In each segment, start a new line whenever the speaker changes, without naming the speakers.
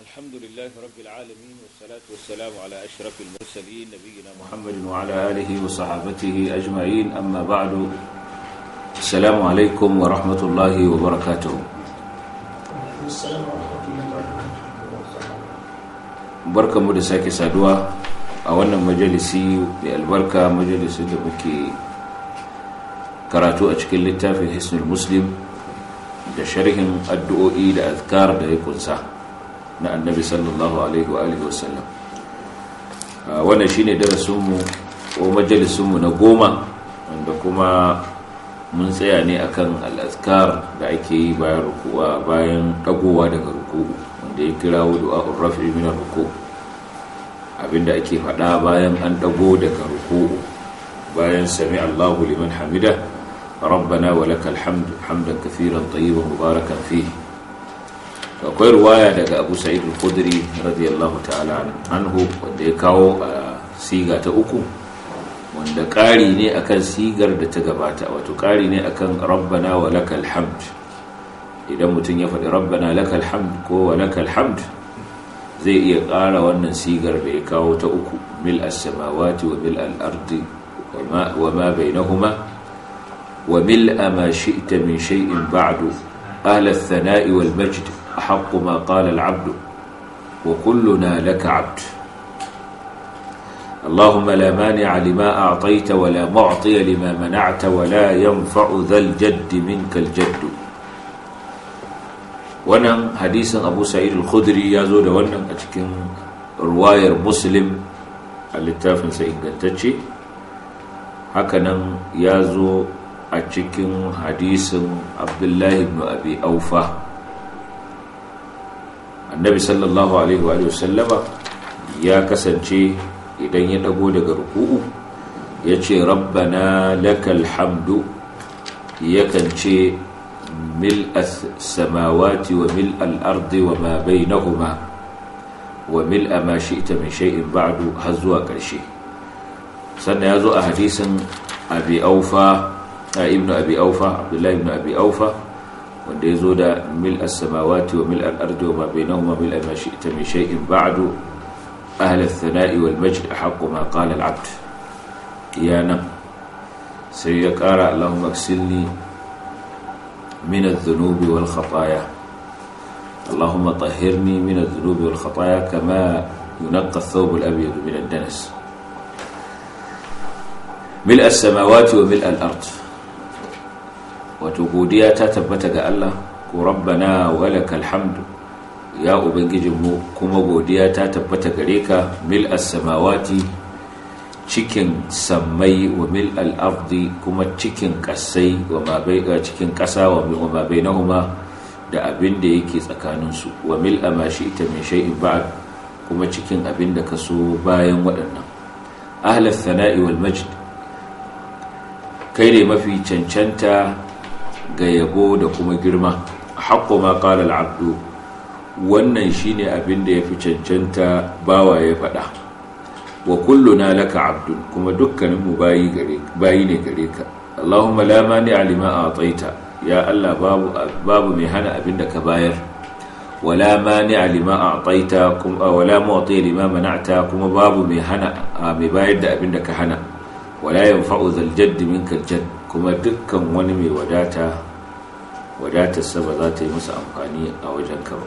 الحمد لله رب العالمين والصلاة والسلام على أشرف المرسلين نبينا محمد وعلى آله وصحابته أجمعين أما بعد السلام عليكم ورحمة الله وبركاته السلام barka mu da sake saduwa a wannan majalisi da albarka majalisi da muke karatu a cikin littafin hisnul muslim da sharhin addu'o'i da azkar da ya kunsa na annabi sallallahu alaihi wa alihi wasallam ah, wannan shine darasinmu ko majalisinmu na goma wanda kuma mun tsaya ne akan al'azkar da ake yi bayan rukuwa bayan dagowa daga ruku wanda ya kirawo a raf'i min ruku abinda ake faɗa bayan an dago daga ruku bayan sami Allahu liman hamida ربنا ولك الحمد حمدا كثيرا طيبا مباركا فيه akwai ruwaya daga abu sa'id al-khudri radiyallahu ta'ala anhu wanda ya kawo a siga ta uku wanda ƙari ne akan sigar da ta gabata wato ƙari ne akan rabbana wa lakal hamd idan mutum ya faɗi rabbana lakal hamd ko wa lakal hamd zai iya ƙara wannan sigar da ya kawo ta uku mil as-samawati wa mil al-ardi wa ma bainahuma wa mil ma shi'ta min shay'in ba'du ahla ath-thana'i wal majd أحق ما قال العبد وكلنا لك عبد اللهم لا مانع لما أعطيت ولا معطي لما منعت ولا ينفع ذا الجد منك الجد ونم حديث أبو سعيد الخدري يا زود ونم أتكن رواية مسلم التافن سيدنا تشي هكذا يا زو أتكن حديث عبد الله بن أبي أوفاه annabi sallallahu alaihi wa sallama ya kasance idan ya dago daga ruku'u ya ce rabbana lakal hamdu ya kance mil samawati wa mil al'ardi wa ma na kuma wa mil amashi ita min sha'in ba'adu har zuwa ƙarshe sannan ya zo a hadisin abi aufa a ibn abi aufa wanda ya zo da mil al samawati wa mil al-ardi wa ma bainahuma bil al-mashi'ati min shay'in ba'du ahli al thanai wal majd ahqqu ma qala al-'abd ya na sai ya kara Allahu maksilni min adh-dhunubi wal khataaya Allahumma tahhirni min adh-dhunubi wal khataaya kama yunqqa ath-thawb al-abyad min ad-danas wa mil al-ardi wato godiya ta tabbata ga Allah ko rabbana walakal hamdu ya ubangijinmu kuma godiya ta tabbata gare ka mil samawati cikin sammai wa mil al kuma cikin kasai wa eh, cikin kasa wa da abin da yake tsakanin su wa mil amashi ita min shay'in ba'd kuma cikin abin da so bayan waɗannan ahlus sana'i wal majd kai ne mafi cancanta ga yabo da kuma girma haqqu ma abdu wannan shine abin da fi cancanta bawa ya faɗa wa laka abdu kuma dukkaninmu mu bayi ne gare ka Allahumma la mani alima ya Allah babu mai hana abin da ka bayar wala mani alima a'taita kuma wala lima kuma babu mai hana mai bayar da abin da ka hana wala yanfa'u fa'uzal jaddi minka jadd kuma dukkan wani mai wadata sama ba za ta yi masa amfani a wajenka ba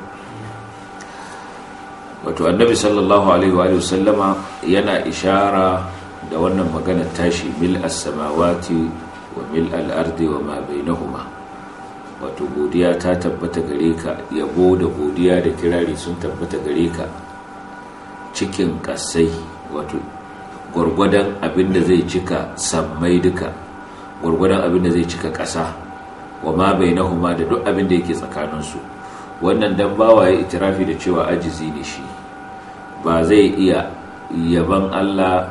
wato annabi sallallahu alaihi wa sallama yana ishara da wannan magana tashi mil as-samawati wa mil al wa ma bainahuma wato godiya ta tabbata gare ka yabo da godiya da kirari sun tabbata gare ka cikin kasai wato gwargwadon abin da zai cika sammai duka gwargwadon abin da zai cika ƙasa wa ma huma da duk abin da yake tsakaninsu wannan dan bawa ya itirafi da cewa ajizi ne shi ba zai iya yaban Allah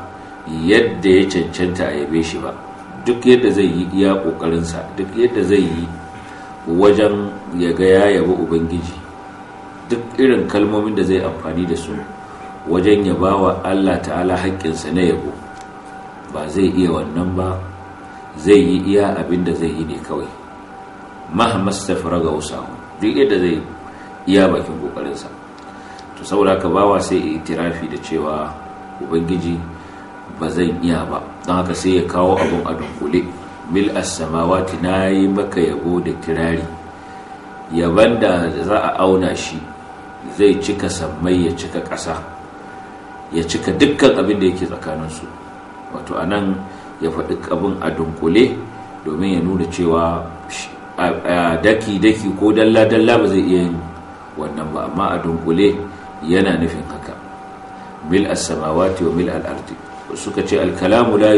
yadda ya cancanta a yabe shi ba duk yadda zai yi iya ƙoƙarinsa, duk yadda zai yi wajen ya ga ya yabi ubangiji duk irin kalmomin da zai amfani da su wajen ya ba wa Allah ta'ala haƙƙinsa na yabo ba zai iya wannan ba zai yi iya abin da zai yi ne kawai mahammas ta fara ga wasu duk yadda zai iya bakin kokarinsa to saboda ka bawa sai ya itirafi da cewa ubangiji ba zan iya ba don haka sai ya kawo abun a dunkule mil as-samawati na yi maka yabo da kirari yaban da za a auna shi zai cika sammai ya cika ƙasa ya cika dukkan abin da yake tsakaninsu wato anan ya faɗi abin a dunkule domin ya nuna cewa daki-daki ko dalla-dalla ba zai iya yin wannan ba amma a dunkule yana nufin haka mil samawati wa mil al suka ce al-kalamu la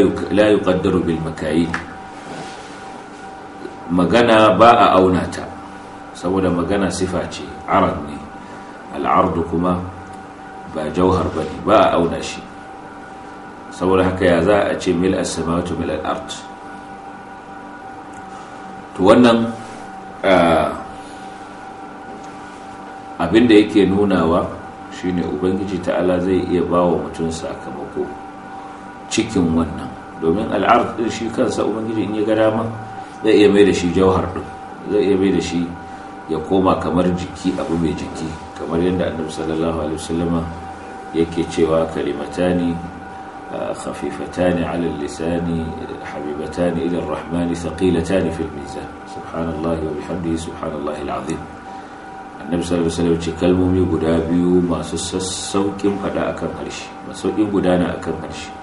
bil makayin magana ba a auna ta saboda magana sifa ce arad ne al'adu kuma ba jauhar ne, ba a auna shi saboda haka ya za a ce mil as mil al to wannan abinda yake nunawa shine ubangiji ta'ala zai iya bawa mutum sakamako cikin wannan domin al'ard din shi kansa ubangiji in ya ga dama zai iya mai da shi jauhar din zai iya mai da shi ya koma kamar jiki abu mai jiki kamar yadda annabi sallallahu alaihi wasallama yake cewa kalimatani خفيفتان على اللسان حبيبتان إلى الرحمن ثقيلتان في الميزان سبحان الله وبحمده سبحان الله العظيم annabi sallallahu alaihi ce kalmomi guda biyu masu saukin fada akan harshe masu saukin gudana akan harshe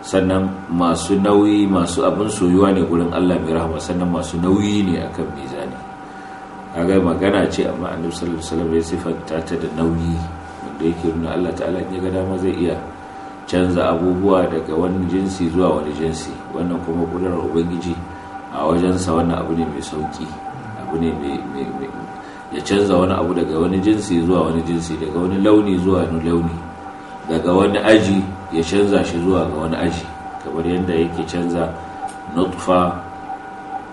sannan masu nauyi masu abin soyuwa ne gurin Allah mai rahama sannan masu nauyi ne akan mizani kaga magana ce amma annabi sallallahu alaihi wasallam ya sifanta ta da nauyi wanda yake nuna Allah ta'ala in ya ga dama zai iya canza abubuwa daga wani jinsi zuwa wani jinsi wannan kuma kudurar ubangiji a wajensa wannan abu ne mai sauki abu ne mai ya canza wani abu daga wani jinsi zuwa wani jinsi daga wani launi zuwa wani launi daga wani aji ya canza shi zuwa ga wani aji kamar yadda yake canza nutfa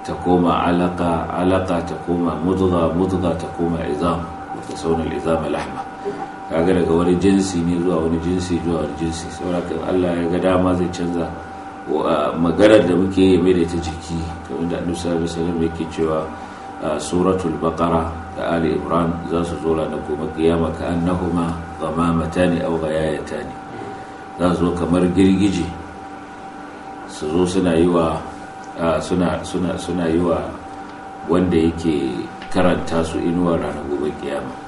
ta koma alaka alaka ta koma mutuwa mutuwa ta koma izam wata saunar izama lahma kaga daga wani jinsi ne zuwa wani jinsi zuwa wani jinsi saurakan Allah ya ga dama zai canza magarar da muke yi mai da ta jiki kamar da annabi sallallahu alaihi wasallam yake cewa suratul baqara da ali ibrahim za su zo ranar gobe kiyama ka annahuma ghamamatan aw ghayayatan za su zo kamar girgije su zo suna yi wa suna suna suna wanda yake karanta su inuwar ranar gobe kiyama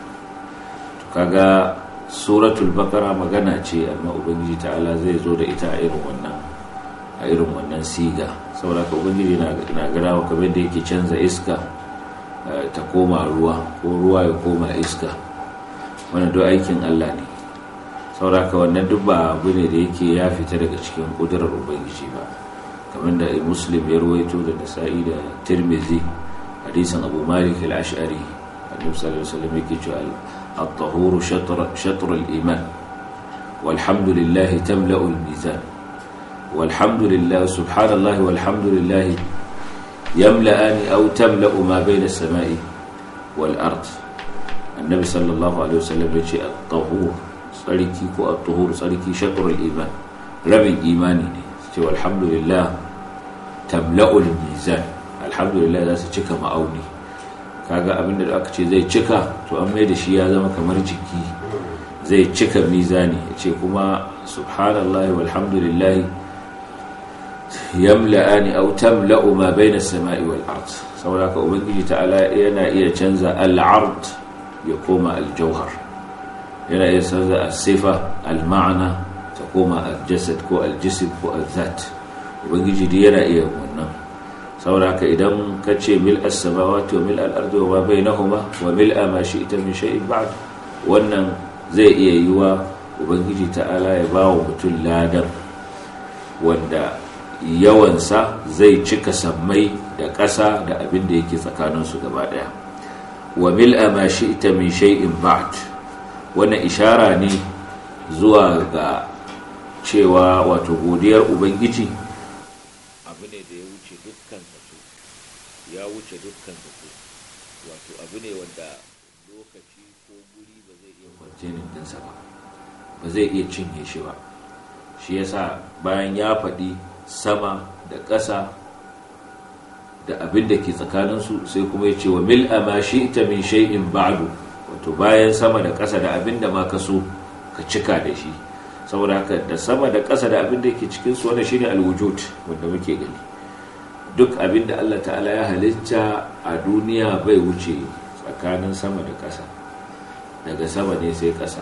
kaga suratul bakara magana ce amma ubangiji ta'ala zai zo da ita a irin wannan siga saboda ka ubangiji na gara kamar da yake canza iska eh, ta koma ruwa ko ruwa ya koma iska wannan duk aikin Allah ne saboda ka wannan duk ba abu ne da yake ya fita daga cikin kudurar ubangiji ba kamar da muslim ya ruwaito da nasa'i da tirmizi hadisin abu malik al-ash'ari annabi sallallahu alaihi wasallam yake cewa الطهور شطر, شطر الإيمان والحمد لله تملأ الميزان والحمد لله سبحان الله والحمد لله يملأان أو تملأ ما بين السماء والأرض النبي صلى الله عليه وسلم يقول الطهور tsarki ko at-tuhur tsarki shatrul iman rabin imani ne ce alhamdulillah tamla'ul mizan alhamdulillah za su cika ma'auni kaga abin da aka ce zai cika to an mai da shi ya zama kamar jiki zai cika mizani ya ce kuma subhanallahi walhamdulillah, yamla'ani aw tamla'u ma baina as-sama'i wal ard saboda ka ubangiji ta'ala yana iya canza al-ard ya koma al-jawhar yana iya canza as-sifa al-ma'na ta koma al-jasad ko al-jism ko al-dhat ubangiji yana iya wannan saboda haka idan ka ce mil asama wato mil al'ardu wa bai na huma wa mil ma ita min shai ba'ad, wannan zai iya yiwa ubangiji ta'ala ya ba wa mutum ladan wanda yawansa zai cika sammai da ƙasa da abin da yake tsakaninsu gaba ɗaya wa mil ma ita min shai ba'ad, wannan ishara ne zuwa ga cewa wato godiyar ubangiji ya wuce dukkan zato wato abu ne wanda lokaci ko guri ba zai iya ne dinsa ba ba zai iya cinye shi ba shi yasa bayan ya faɗi sama da ƙasa da abin da ke tsakaninsu sai kuma ya ce wa mil a mashi ita min shay'in ba'adu wato bayan sama da ƙasa da abin da ma ka so ka cika da shi saboda haka da sama da ƙasa da abin da ke cikinsu wanda shine alwujot wanda muke gani duk abin da Allah ta'ala ya halitta a duniya bai wuce tsakanin sama da ƙasa daga sama ne sai ƙasa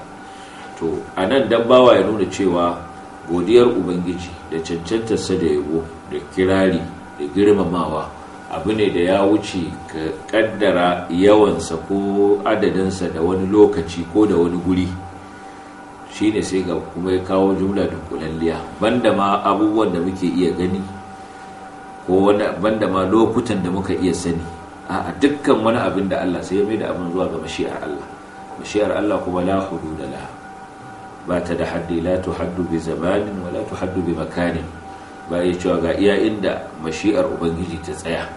to a nan dan bawa ya nuna cewa godiyar ubangiji da cancantarsa da yabo da kirari da girmamawa abu ne da ya wuce ka kaddara yawansa ko adadinsa da wani lokaci ko da wani guri shine sai ga kuma ya kawo jumla da kulalliya banda ma abubuwan da muke iya gani ko wani banda ma lokutan da muka iya sani a dukkan wani abin da Allah sai ya mai da abin zuwa ga mashi'ar Allah mashi'ar Allah kuma la hududa la ba ta da haddi la tuhaddu bi zamanin wa la tuhaddu bi makanin ba ya cewa ga iya inda mashi'ar ubangiji ta tsaya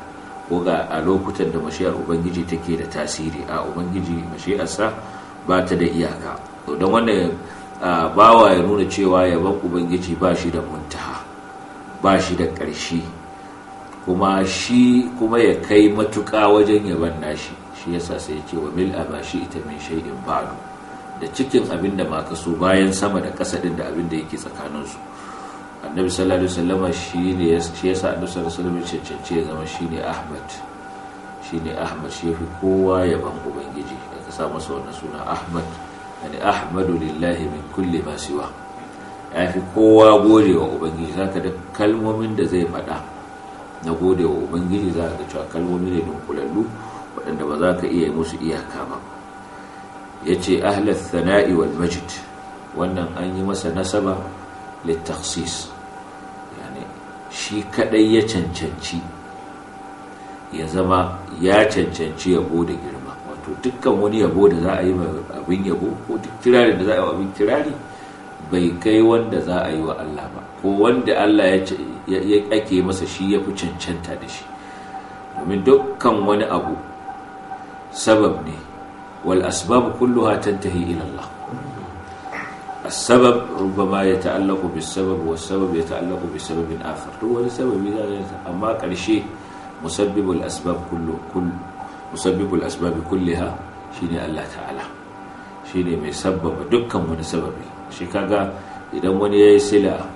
ko ga a lokutan da mashi'ar ubangiji take da tasiri a ubangiji sa ba ta da iyaka don wannan bawa ya nuna cewa yaban ubangiji ba shi da muntaha ba shi da ƙarshe kuma shi kuma ya kai matuka wajen yaban nashi shi yasa sai ya ce wa mil ba shi ita min shay'in ba'du da cikin abin da ma kaso bayan sama da kasa din da abin da yake tsakaninsu annabi sallallahu alaihi wasallam shi ne shi yasa annabi sallallahu alaihi wasallam cancance ya zama ne ahmad ne ahmad shi fi kowa yaban ubangiji aka sa masa wannan suna ahmad yani ahmadu lillahi min kulli ma siwa ya fi kowa gode wa ubangiji zaka da kalmomin da zai faɗa na gode wa ubangiji za ga cewa kalmomi ne kulallu waɗanda ba za ka iya musu iyaka ba ya ce ahlar thana'i wal majid wannan an yi masa nasaba littaksis yani shi kaɗai ya cancanci ya zama ya cancanci yabo da girma wato dukkan wani yabo da za a yi abin yabo ko duk da za a yi abin kirari bai kai wanda za a yi wa Allah ba ko wanda Allah ya ake masa shi ya fi cancanta da shi domin dukkan wani abu sabab ne wal asbab kulluha tantahi ila Allah asbab rubama ya ta'allaqu bis sabab wa sabab ya ta'allaqu bis sababin akhar to wani sababi da ya amma karshe musabbibul asbab kullu kull musabbibul asbab kulliha shine Allah ta'ala shine mai sabbaba dukkan wani sababi shi kaga idan wani ya yi sila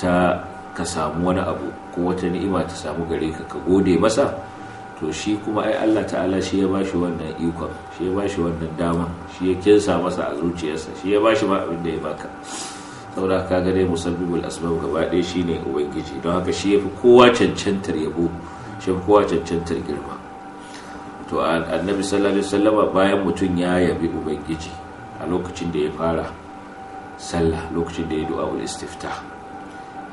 ta ka samu wani abu ko wata ni'ima ta samu gare ka ka gode masa to shi kuma ai Allah ta'ala shi ya bashi wannan ikon shi ya bashi wannan dama shi ya kinsa masa a zuciyarsa shi ya bashi ma abin da ya baka saboda ka ga dai musabbibul asbab gaba ɗaya shine ubangiji don haka shi yafi kowa cancantar yabo shi yafi kowa cancantar girma to annabi sallallahu alaihi wasallam bayan mutum ya yabi ubangiji a lokacin da ya fara sallah lokacin da ya du'a ul istiftah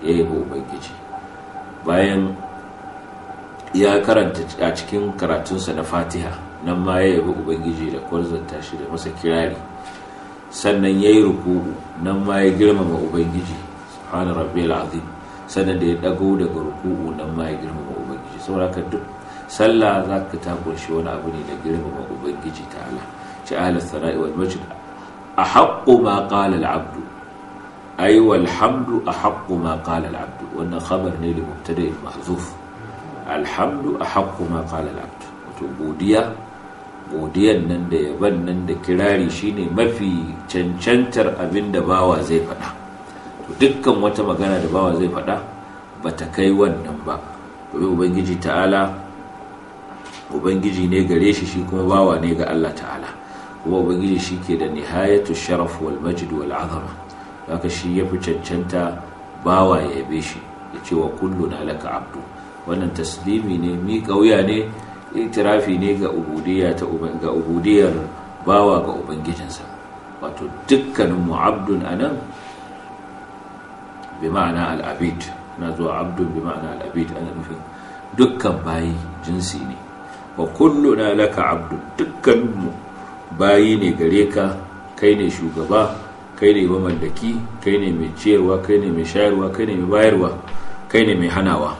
ya yi ubangiji bayan ya karanta a cikin karatunsa na fatiha nan ma ya yabi ubangiji da kwarzanta shi da masa kirari sannan ya yi ruku'u nan ma ya girmama ubangiji subhana rabbi sannan da ya dago daga ruku'u nan ma ya girmama ubangiji saboda ka duk sallah za ka ta kunshi wani abu ne na girmama ubangiji ta'ala ci ahli wal majid a haqqu ma qala abdu ai walhamdu haƙƙu ma ƙalal Abdu. wannan khabar ne da mubtada mahzuf alhamdu haƙƙu ma ƙalal Abdu. wato godiya godiyan nan da yaban nan da kirari shine mafi cancantar abin da bawa zai faɗa to dukkan wata magana da bawa zai faɗa ba ta kai wannan ba domin ubangiji ta'ala ubangiji ne gare shi shi kuma bawa ne ga Allah ta'ala kuma ubangiji shi ke da nihayatu sharaf wal majd wal azama haka shi ya fi cancanta bawa ya yabe shi ya ce wa na alaka abdu wannan taslimi ne mi kauya ne itirafi ne ga ubudiyya ta ga ubudiyar bawa ga ubangijinsa wato dukkanin mu abdun anan bi ma'ana al'abid na zuwa abdun bi ma'ana al'abid ana nufin dukkan bayi jinsi ne wa kulluna laka dukkan mu bayi ne gare ka kai ne shugaba kai ne mamallaki kai ne mai ciyarwa kai ne mai shayarwa kai ne mai bayarwa kai ne mai hanawa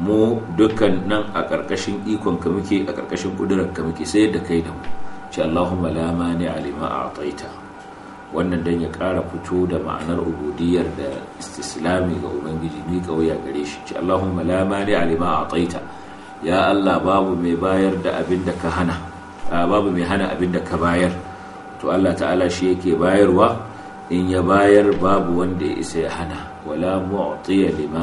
mu dukkan nan a ƙarƙashin ikon ka muke a ƙarƙashin ƙudurar ka muke sai da kai da mu ce Allahumma la mani alima a'taita wannan dan ya ƙara fito da ma'anar ubudiyar da istislami ga ubangiji ni kauya gare shi ce Allahumma la mani alima a'taita ya Allah babu mai bayar da abin da ka hana babu mai hana abin da ka bayar to Allah ta'ala shi yake bayarwa in ya bayar babu wanda ya isa ya hana wala mu'tiya lima